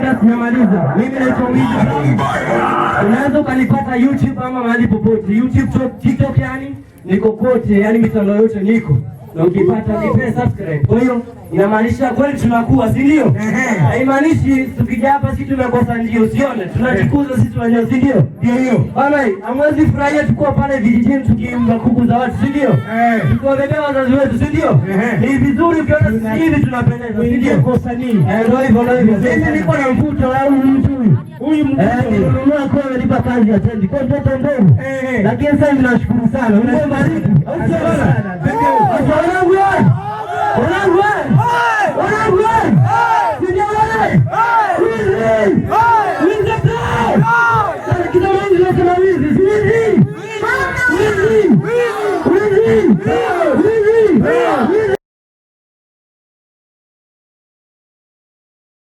Kabla sijamaliza, mimi naitwa Wiz. Unaweza ukanipata YouTube ama mahali popote, YouTube, TikTok, yani niko kote, yani mitandao yote niko na ukipata nipe subscribe. Kwa hiyo inamaanisha kweli tunakuwa, si ndio? Haimaanishi tukija hapa sisi tumekosa ndio, sione, tunajikuza sisi tunajua, si ndio? Ndio hiyo bana, amwezi furahia tukua pale vijijini tukiimba kuku za watu, si ndio? Tukiwabebea wazazi wetu, si ndio? Ni vizuri ukiona sisi hivi tunapendeza, si ndio? Kosa nini? Eh, ndio hivyo, ndio hivyo. Mimi niko na mvuto au mtu huyu mnunua eh, kwa analipa kazi ya tendi kwa mtoto mdogo, lakini sasa tunashukuru sana, Mungu bariki au sio? Hey!